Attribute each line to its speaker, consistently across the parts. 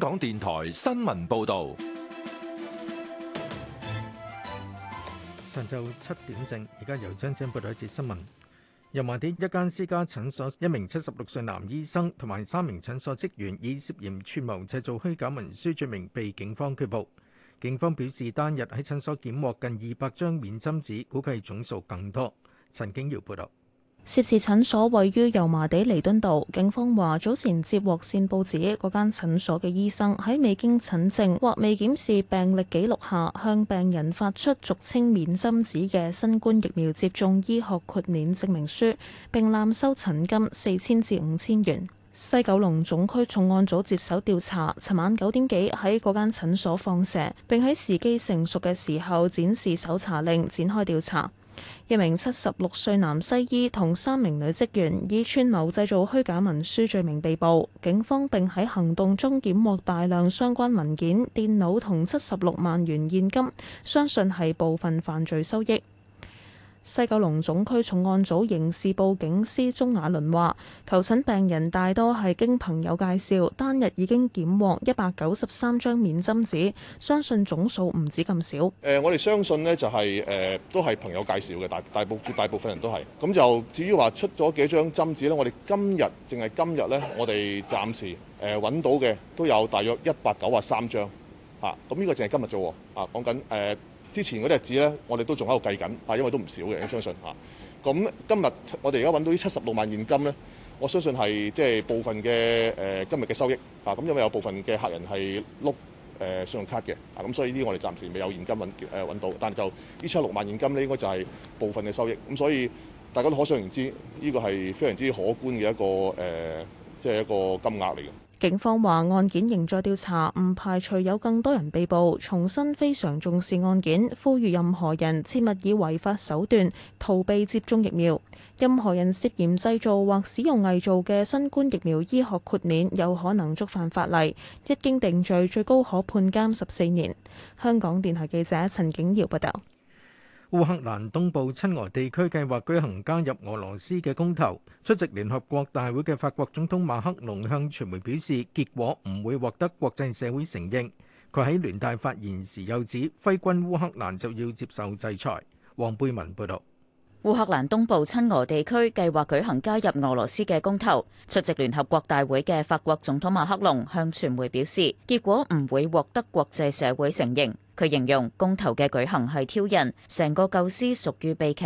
Speaker 1: 香港電台新聞報道：上晝七點正，而家由珍珍報道聞一節新聞。油麻地一間私家診所，一名七十六歲男醫生同埋三名診所職員，以涉嫌串謀製造虛假文書罪名被警方拘捕。警方表示，單日喺診所檢獲近二百張免針紙，估計總數更多。陳景瑤報道。
Speaker 2: 涉事診所位於油麻地彌敦道，警方話早前接獲線報指嗰間診所嘅醫生喺未經診證或未檢視病歷記錄下，向病人發出俗稱免針紙嘅新冠疫苗接種醫學豁免證明書，並濫收診金四千至五千元。西九龍總區重案組接手調查，尋晚九點幾喺嗰間診所放蛇，並喺時機成熟嘅時候展示搜查令，展開調查。一名七十六歲男西醫同三名女職員以串謀製造虛假文書罪名被捕，警方並喺行動中檢獲大量相關文件、電腦同七十六萬元現金，相信係部分犯罪收益。西九龍總區重案組刑事部警司鍾雅倫話：求診病人大多係經朋友介紹，單日已經檢獲一百九十三張免針紙，相信總數唔止咁少。誒、呃，我哋相信呢就係、是、誒、呃，都係朋友介紹嘅，大大部分大部分人都係。咁就至於話出咗幾張針紙呢，我哋今日淨係今日呢，我哋暫時誒揾、呃、到嘅都有大約一百九啊三張，吓，咁呢個淨係今日做啊，講緊誒。這個之前嗰啲日子咧，我哋都仲喺度計緊，係、啊、因為都唔少嘅，我相信吓。咁、啊、今日我哋而家揾到呢七十六萬現金咧，我相信係即係部分嘅誒今日嘅收益。啊，咁因為有部分嘅客人係碌誒信用卡嘅，啊，咁所以呢啲我哋暫時未有現金揾誒揾到，但就呢七十六萬現金咧，應該就係部分嘅收益。咁、啊、所以大家都可想而知，呢、呢個係非常之可觀嘅一個誒，即、呃、係、就係、一個金額嚟嘅。警方話案件仍在調查，唔排除有更多人被捕。重新非常重視案件，呼籲任何人切勿以違法手段逃避接種疫苗。任何人涉嫌製造或使用偽造嘅新冠疫苗，醫學豁免有可能觸犯法例，一經定罪，最高可判監十四年。香港電台記者陳景瑤報道。
Speaker 1: 烏克蘭東部親俄地區計劃舉行加入俄羅斯嘅公投。出席聯合國大會嘅法國總統馬克龍向傳媒表示，結果唔會獲得國際社會承認。佢喺聯大發言時又指，揮軍烏克蘭就要接受制裁。黃貝文報道。
Speaker 3: 烏克蘭東部親俄地區計劃舉行加入俄羅斯嘅公投。出席聯合國大會嘅法國總統馬克龍向傳媒表示，結果唔會獲得國際社會承認。佢形容公投嘅舉行係挑釁，成個構思屬於悲劇。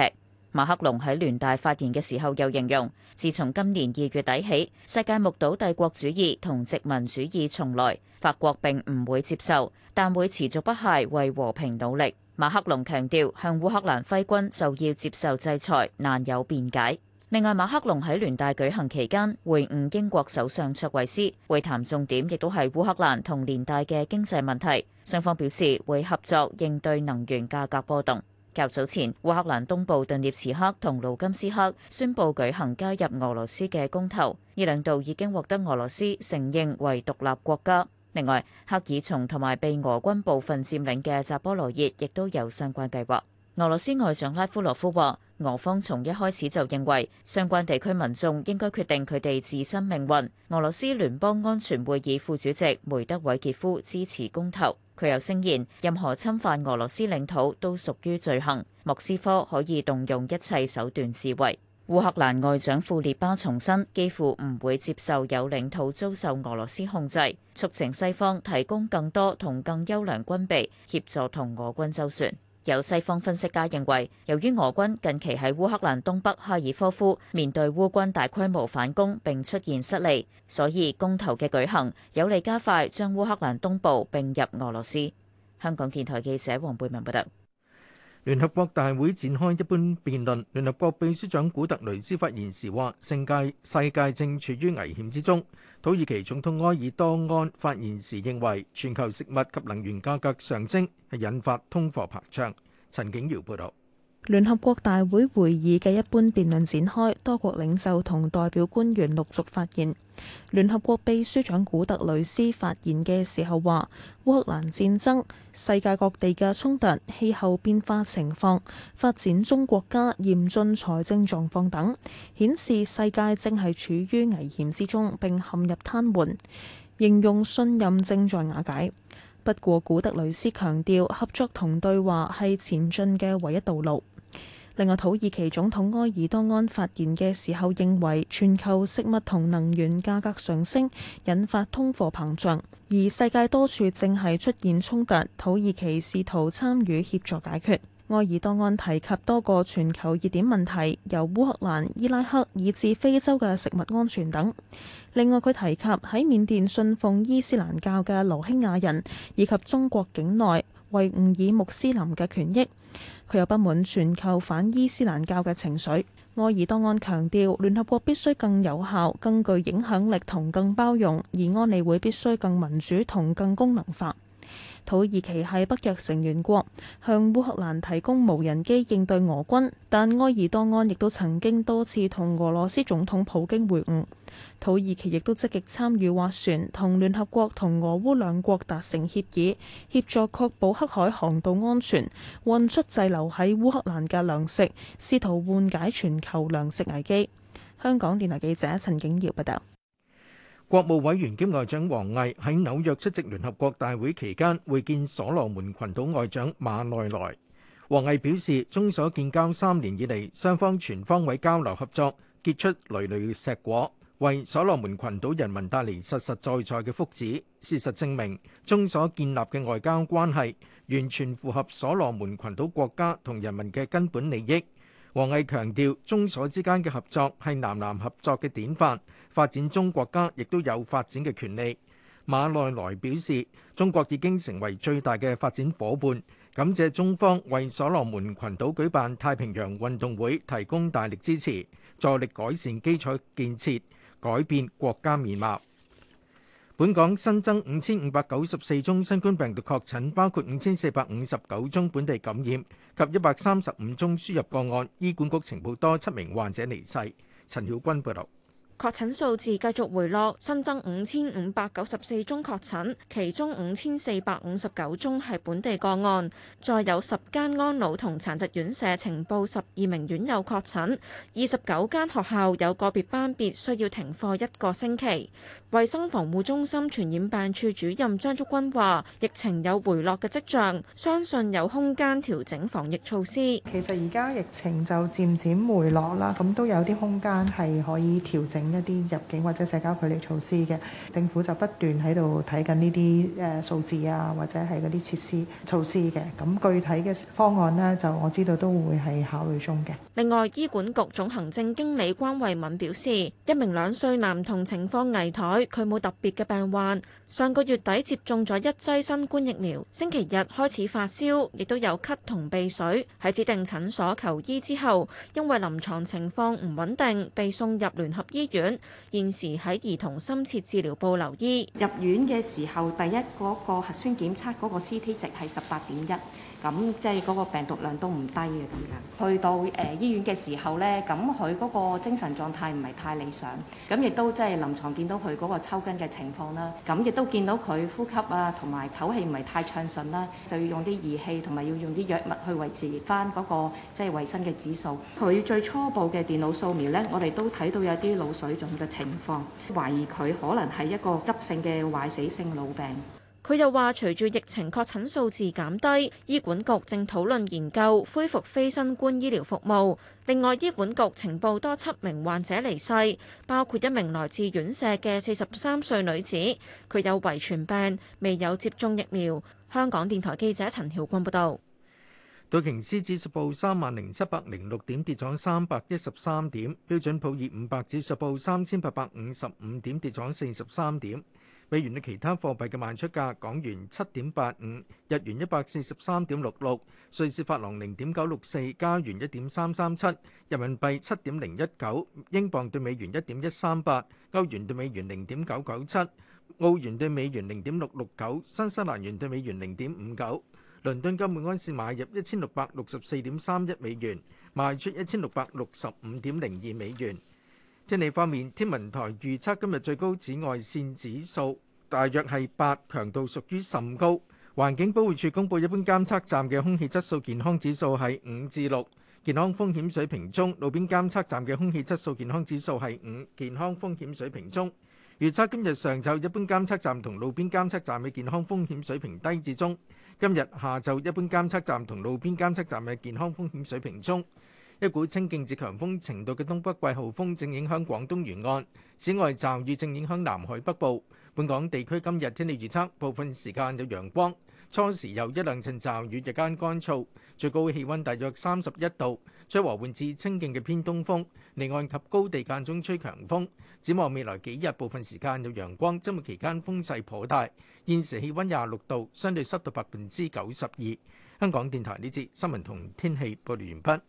Speaker 3: 馬克龍喺聯大發言嘅時候又形容，自從今年二月底起，世界目睹帝國主義同殖民主義重來，法國並唔會接受，但會持續不懈為和平努力。馬克龍強調，向烏克蘭揮軍就要接受制裁，難有辯解。另外，馬克龍喺聯大舉行期間會晤英國首相卓維斯，會談重點亦都係烏克蘭同聯大嘅經濟問題。雙方表示會合作應對能源價格波動。較早前，烏克蘭東部頓涅茨克同盧甘斯克宣布舉行加入俄羅斯嘅公投，呢兩度已經獲得俄羅斯承認為獨立國家。另外，克爾松同埋被俄軍部分佔領嘅扎波羅熱亦都有相關計劃。俄羅斯外長拉夫羅夫話。俄方從一開始就認為相關地區民眾應該決定佢哋自身命運。俄羅斯聯邦安全會議副主席梅德韋傑夫支持公投。佢又聲言，任何侵犯俄羅斯領土都屬於罪行。莫斯科可以動用一切手段自衛。烏克蘭外長庫列巴重申，幾乎唔會接受有領土遭受俄羅斯控制，促請西方提供更多同更優良軍備，協助同俄軍周旋。有西方分析家認為，由於俄軍近期喺烏克蘭東北哈爾科夫面對烏軍大規模反攻並出現失利，所以公投嘅舉行有利加快將烏克蘭東部並入俄羅斯。
Speaker 1: 香港電台記者黃貝文報道。聯合國大會展開一般辯論。聯合國秘書長古特雷斯發言時話：聖界世界正處於危險之中。土耳其總統埃爾多安發言時認為，全球食物及能源價格上升係引發通貨膨脹。陳景堯報道。
Speaker 2: 聯合國大會會議嘅一般辯論展開，多國領袖同代表官員陸續發言。聯合國秘書長古特雷斯發言嘅時候話，烏克蘭戰爭、世界各地嘅衝突、氣候變化情況、發展中國家嚴峻財政狀況等，顯示世界正係處於危險之中，並陷入癱瘓，形容信任正在瓦解。不過，古特雷斯強調合作同對話係前進嘅唯一道路。另外，土耳其總統埃爾多安發言嘅時候認為全球食物同能源價格上升，引發通貨膨脹，而世界多處正係出現衝突，土耳其試圖參與協助解決。愛爾多安提及多個全球熱點問題，由烏克蘭、伊拉克以至非洲嘅食物安全等。另外，佢提及喺緬甸信奉伊斯蘭教嘅羅興亞人，以及中國境內維吾爾穆斯林嘅權益。佢又不滿全球反伊斯蘭教嘅情緒。愛爾多安強調，聯合國必須更有效、更具影響力同更包容，而安理會必須更民主同更功能化。土耳其係北約成員國，向烏克蘭提供無人機應對俄軍，但埃爾多安亦都曾經多次同俄羅斯總統普京會晤。土耳其亦都積極參與斡旋，同聯合國同俄烏兩國達成協議，協助確保黑海航道安全，運出滯留喺烏克蘭嘅糧食，試圖緩解全球糧食危機。香港電台記者陳景瑤報道。
Speaker 1: 國務委員兼外長王毅喺紐約出席聯合國大會期間會見所羅門群島外長馬內萊。王毅表示，中所建交三年以嚟，雙方全方位交流合作，結出累累碩果，為所羅門群島人民帶嚟實實在在嘅福祉。事實證明，中所建立嘅外交關係，完全符合所羅門群島國家同人民嘅根本利益。王毅強調，中所之間嘅合作係南南合作嘅典範，發展中國家亦都有發展嘅權利。馬內萊表示，中國已經成為最大嘅發展夥伴，感謝中方為所羅門群島舉辦太平洋運動會提供大力支持，助力改善基礎建設，改變國家面貌。本港新增五千五百九十四宗新冠病毒確診，包括五千四百五十九宗本地感染及一百三十五宗輸入個案。醫管局呈報多七名患者離世。陳曉君報道。
Speaker 4: 確診數字繼續回落，新增五千五百九十四宗確診，其中五千四百五十九宗係本地個案。再有十間安老同殘疾院舍呈報十二名院友確診，二十九間學校有個別班別需要停課一個星期。衛生防護中心傳染病處主任張竹君話，疫情有回落嘅跡象，相信有空間調整防疫措施。其實而家疫情就漸
Speaker 2: 漸回落啦，咁都有啲空間係可以調整。一啲入境或者社交距離措施嘅政府就不斷喺度睇緊呢啲誒數字啊，或者係嗰啲設施措施嘅。咁具體嘅方案呢，就我知道都會係考慮中嘅。
Speaker 4: 另外，醫管局總行政經理關慧敏表示，外表示一名兩歲男童情況危殆，佢冇特別嘅病患，上個月底接種咗一劑新冠疫苗，星期日開始發燒，亦都有咳同鼻水，喺指定診所求醫之後，因為臨床情況唔穩定，被送入聯合醫院現時喺兒童深切治療部留醫。入院嘅時候，第一嗰、那個核酸檢測嗰個 C T 值係十八點一，咁即係嗰個病毒量都唔低嘅咁樣。去到誒醫院嘅時候呢，咁佢嗰個精神狀態唔係太理想，咁亦都即係臨床見到佢嗰個抽筋嘅情況啦。咁亦都見到佢呼吸啊同埋唞氣唔係太暢順啦，就要用啲儀器同埋要用啲藥物去維持翻、那、嗰個即係衛生嘅指數。佢最初步嘅電腦掃描呢，我哋都睇到有啲腦水腫嘅情況，懷疑佢可能係一個急性嘅壞死性腦病。佢又話，隨住疫情確診數字減低，醫管局正討論研究恢復非新冠醫療服務。另外，醫管局呈報，多七名患者離世，包括一名來自院舍嘅四十三歲女子，佢有遺傳病，未有接種疫苗。香港電台記者陳曉君報道。
Speaker 1: 道瓊斯指數報三萬零七百零六點，跌咗三百一十三點；標準普爾五百指數報三千八百五十五點，跌咗四十三點。美元嘅其他貨幣嘅賣出價：港元七點八五，日元一百四十三點六六，瑞士法郎零點九六四，加元一點三三七，人民幣七點零一九，英鎊對美元一點一三八，歐元對美元零點九九七，澳元對美元零點六六九，新西蘭元對美元零點五九。倫敦金每安士買入一千六百六十四點三一美元，賣出一千六百六十五點零二美元。天氣方面，天文台預測今日最高紫外綫指數大約係八，強度屬於甚高。環境保護署公布一般監測站嘅空氣質素健康指數係五至六，健康風險水平中。路邊監測站嘅空氣質素健康指數係五，健康風險水平中。預測今日上晝一般監測站同路邊監測站嘅健康風險水平低至中，今日下晝一般監測站同路邊監測站嘅健康風險水平中。一股清勁至強風程度嘅東北季候風正影響廣東沿岸，此外驟雨正影響南海北部。本港地區今日天氣預測，部分時間有陽光，初時有一兩陣驟雨，日間乾燥，最高氣溫大約三十一度，將和緩至清勁嘅偏東風，離岸及高地間中吹強風。展望未來幾日，部分時間有陽光，周末期間風勢頗大。現時氣溫廿六度，相對濕度百分之九十二。香港電台呢節新聞同天氣報告完畢。